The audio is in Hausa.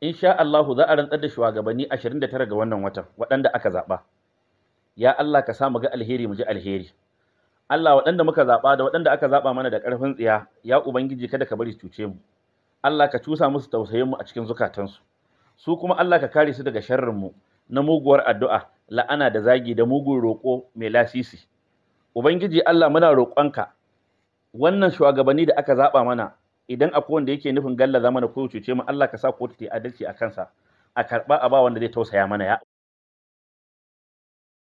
in sha Allahu za a rantsar da shugabanni 29 ga wannan watan waɗanda aka zaɓa ya Allah ka sa mu ga alheri mu ji alheri Allah waɗanda muka zaɓa da waɗanda aka zaɓa mana da ƙarfin tsiya ya ubangiji kada ka bari cuce mu Allah ka cusa musu tausayin mu a cikin zukatansu su kuma Allah ka kare su daga sharrin mu na muguwar addu'a la'ana da zagi da mugun roƙo mai lasisi ubangiji Allah muna roƙonka wannan shugabanni da aka zaɓa mana idan akwai wanda yake nufin galla zamana ko cuce mu Allah ka sa kotu ta adalci a kansa a karɓa a ba wanda zai tausaya mana ya